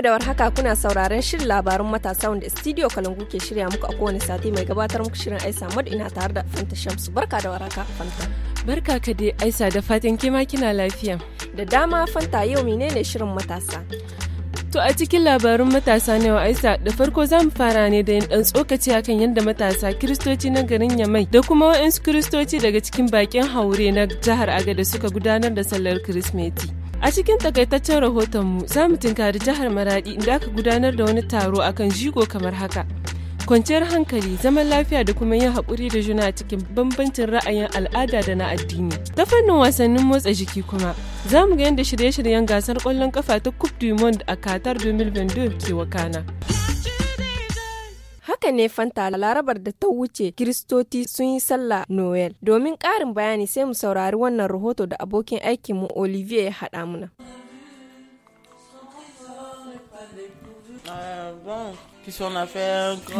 mu da warhaka kuna sauraron shirin labarun matasa wanda studio Kalangu ke shirya muku a kowane sati mai gabatar muku shirin Aisa mod ina tare da Fanta Shamsu. Barka da warhaka Fanta. Barka ka dai Aisa da fatan kima kina lafiya. Da dama Fanta yau menene shirin matasa? To a cikin labarun matasa ne wa Aisa da farko za mu fara ne da yin dan tsokaci akan yadda matasa kiristoci na garin Yamai da kuma wa'insu kiristoci daga cikin bakin haure na jihar Aga suka gudanar da sallar kirismeti. A cikin takaitaccen rahotonmu za mu tunkari jihar Maradi inda aka gudanar da wani taro akan jigo kamar haka. Kwanciyar hankali, zaman lafiya da kuma yin haƙuri da juna cikin bambancin ra'ayin al'ada da na addini. Ta fannin wasannin motsa jiki kuma, za mu ga yadda shirye-shiryen gasar ƙwallon kafa ta Coupe du Monde a Qatar 2022 ke wakana. ne Fanta larabar da ta wuce Kiristoti sun yi sallah Noel. Domin ƙarin bayani sai mu saurari wannan rahoto da abokin aikinmu Olivier ya haɗa muna.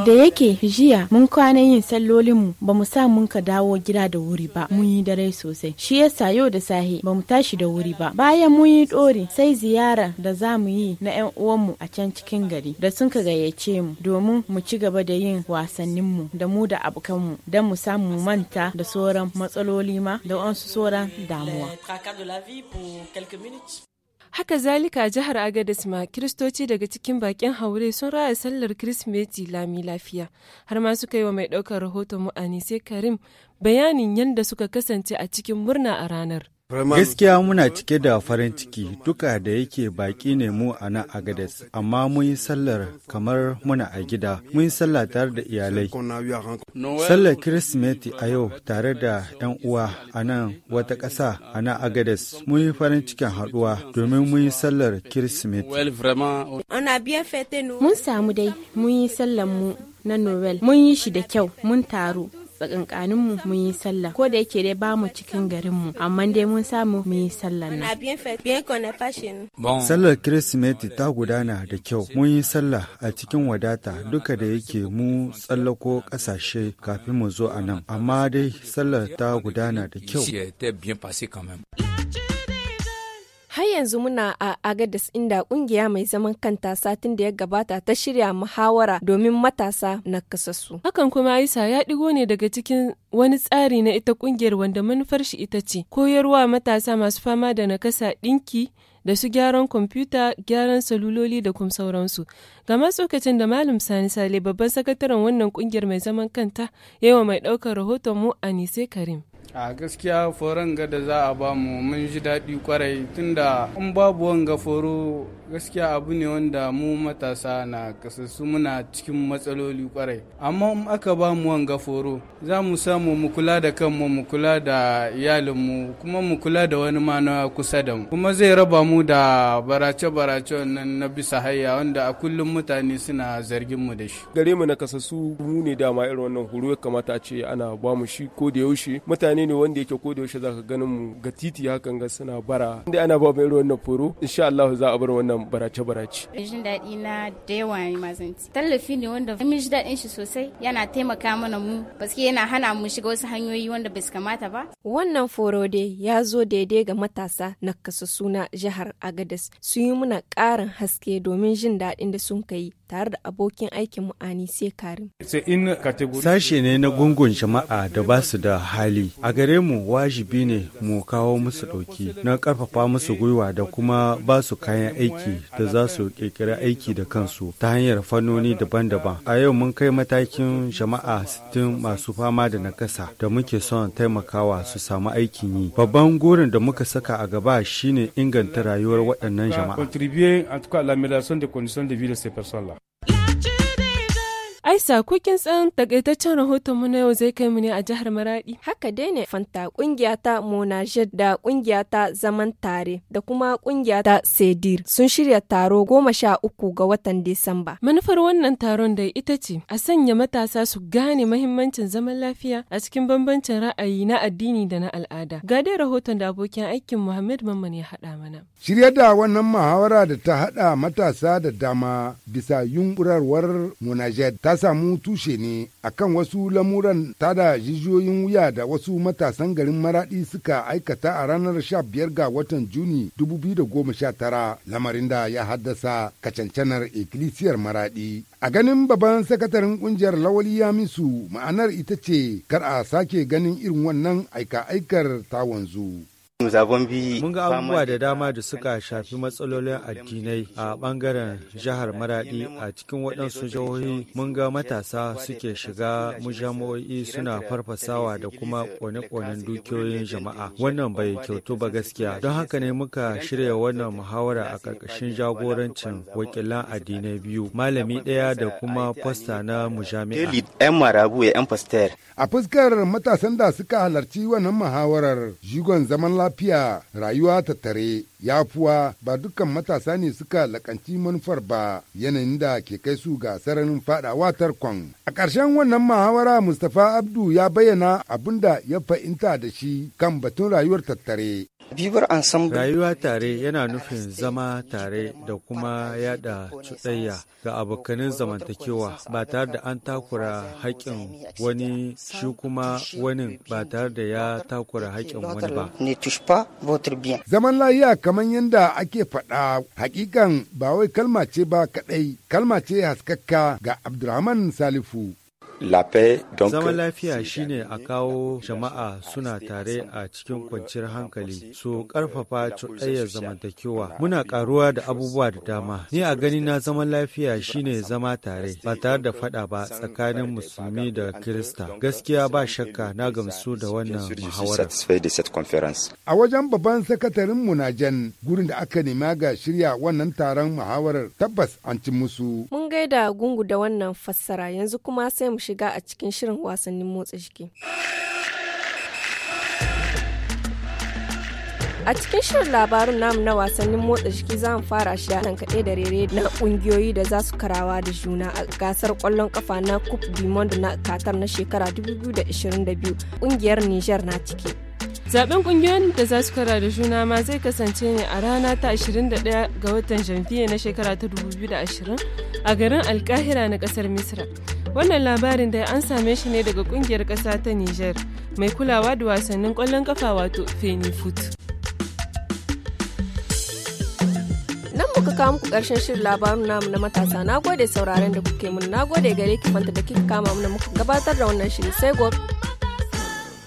Da yake jiya mun kwana yin sallolinmu ba mu sa mun ka dawo gida da wuri ba mun yi dare sosai. Shi yasa yau da sahi ba mu tashi da wuri ba. Bayan mun yi ɗori sai ziyara da za mu yi na 'yan uwanmu a can cikin gari da sun ka gayyace mu domin mu ci gaba da yin wasanninmu da mu da abokanmu don mu samu manta da sauran matsaloli ma da wasu sauran damuwa. Haka zalika jihar Agadez ma Kiristoci daga cikin bakin haure sun raya sallar kirismeti lami lafiya. Har ma suka yi wa mai ɗaukar rahoton mu sai Karim bayanin yadda suka kasance a cikin murna a ranar. Gaskiya muna cike da farin ciki duka da yake baki ne mu a nan Agades, amma mun yi sallar kamar muna a gida, mun yi sallah tare da iyalai. Sallar Kirsimeti a yau tare da 'yan uwa a nan wata ƙasa a nan Agades, mun yi farin cikin haɗuwa domin mun yi sallar Kirsimeti. Mun samu dai, mun yi sallar mu na Noel, mun yi shi da kyau, mun taru, tsakankanin mu mun yi sallah ko da yake dai ba mu cikin garin mu amma dai mun samu mun yi sallah na sallar kirsimeti ta gudana da kyau mun yi sallah a cikin wadata duka da yake mu tsallako kasashe kafin mu zo a nan amma dai sallar ta gudana da kyau Har yanzu muna a Agadis inda kungiya mai zaman kanta satin da ya gabata ta shirya muhawara domin matasa na kasassu. Hakan kuma Aisha ya ɗigo ne daga cikin wani tsari na ita kungiyar wanda manufar shi ita ce koyarwa matasa masu fama da nakasa ɗinki da su gyaran kwamfuta, gyaran saluloli da kuma sauransu. Gama tsokacin da Malam Sani Sale babban sakataren wannan kungiyar mai zaman kanta yawa mai ɗaukar rahoton mu Anise Karim. a gaskiya foron ga da za a ba mu mun ji daɗi kwarai tunda in babu wanga foro gaskiya abu ne wanda mu matasa na kasassu muna cikin matsaloli kwarai amma in aka ba mu wanga foro za mu samu mu kula da kanmu mu kula da iyalinmu kuma mu kula da wani ma na kusa da mu kuma zai raba mu da barace-barace nan na bisa hayya wanda a kullum mutane suna zargin mu da shi gare mu na kasassu mu ne dama irin wannan horo ya kamata a ce ana ba mu shi ko da yaushe mutane mutane ne wanda yake ko da yaushe zaka ganin mu ga titi hakan ga suna bara inda ana ba mai wannan foro insha Allah za a bar wannan barace barace jin dadi na da yawa ne tallafi ne wanda mun ji daɗin shi sosai yana taimaka mana mu baske yana hana mu shiga wasu hanyoyi wanda bai kamata ba wannan foro dai ya zo daidai ga matasa na kasu na jihar Agadez su yi muna karin haske domin jin daɗin da sun kai tare da abokin aikin mu Anise Karim. Sashe ne na gungun jama'a da ba su da hali a gare mu wajibi ne mu kawo musu ɗauki na ƙarfafa musu gwiwa da kuma ba su kayan aiki da za su ƙirƙiri aiki da kansu ta hanyar fannoni daban-daban a yau mun kai matakin jama'a 60 masu fama da nakasa da muke son taimakawa su samu aikin yi babban gurin da muka saka a gaba shine inganta rayuwar waɗannan jama'a Aisa ko kin san takaitaccen rahoton mu na yau zai kai mu ne a jihar Maradi. Haka dai ne Fanta kungiya ta Monajet da kungiya ta Zaman Tare da kuma kungiya ta Sedir sun shirya taro goma sha uku ga watan Disamba. Manufar wannan taron da ita ce a sanya matasa su gane mahimmancin zaman lafiya a cikin bambancin ra'ayi na addini da na al'ada. Ga dai rahoton da abokin aikin Muhammad Mamman ya haɗa mana. Shirya da wannan muhawara da ta haɗa matasa da dama bisa yunkurarwar Monajet ta samu tushe ne a kan wasu lamuran tada jijiyoyin wuya da wasu matasan garin maradi suka aikata a ranar 15 ga watan Juni 2019 lamarin da ya haddasa kacancanar ikkilisiyar maradi. A ganin babban sakataren kungiyar Lawali ya misu ma'anar ita ce kar a sake ganin irin wannan aika-aikar ta wanzu. Mun ga abubuwa da dama da suka shafi matsalolin addinai a bangaren jihar Maraɗi, a cikin waɗansu jihohi mun ga matasa suke shiga mujamoi suna farfasawa da kuma kone-konen euh, dukiyoyin jama'a. Wannan bai kyautu ba gaskiya. Don haka ne muka shirya wannan muhawara a ƙarƙashin jagorancin wakilan addinai biyu, malami ɗaya da kuma fasta na mujami'a. A fuskar matasan da suka halarci wannan muhawarar, jigon zaman lafiya lafiya rayuwa tattare ya fuwa ba dukkan matasa ne suka lakanci manufar ba yanayin da ke kai su ga sararin fadawa tarkon. A ƙarshen wannan mahawara Mustapha Abdu ya bayyana abin da ya fahimta da shi kan batun rayuwar tattare. Rayuwa tare yana nufin zama tare da kuma yada cuɗayya ga abokanin zamantakewa ba tare da an takura haƙƙin wani shi kuma wani ba tare da ya takura haƙƙin wani ba. Zaman lafiya kamar yadda ake faɗa hakikan ba wai kalma ce ba kaɗai kalma ce haskakka ga Abdulrahman Salifu. Zaman lafiya shine a kawo jama'a suna tare a cikin kwanciyar hankali su karfafa cuɗayyar zamantakewa. Muna karuwa da abubuwa da dama. Ni a gani na zaman lafiya shine zama tare ba tare da fada ba tsakanin musulmi da Kirista. Gaskiya ba shakka na gamsu da wannan muhawara. A wajen babban sakatarin munajen gurin da aka nema ga shirya wannan taron muhawarar tabbas an ci musu. gaida gungu da wannan fassara yanzu kuma sai mu shiga a cikin shirin wasannin motsa jiki. A cikin shirin labarin namu na wasannin motsa jiki za mu fara shi nan kaɗe da rere na ƙungiyoyi da za su karawa da juna a gasar ƙwallon kafa na Coupe du Monde na Qatar na shekara 2022. Ƙungiyar Niger na ciki. Zaben kungiyoyin da za su kara da juna ma zai kasance ne a rana ta 21 ga watan Janvier na shekara ta 2020 a garin Alkahira na kasar Misra. Wannan labarin da an same shi ne daga kungiyar kasa ta Niger mai kulawa da wasannin kwallon kafa wato Fenifut. Nan muka kawo muku karshen shirin labarun namu na matasa na gode sauraron da kuke mun na gode gare ki fanta da kika kama mun muka gabatar da wannan shirin sai gobe.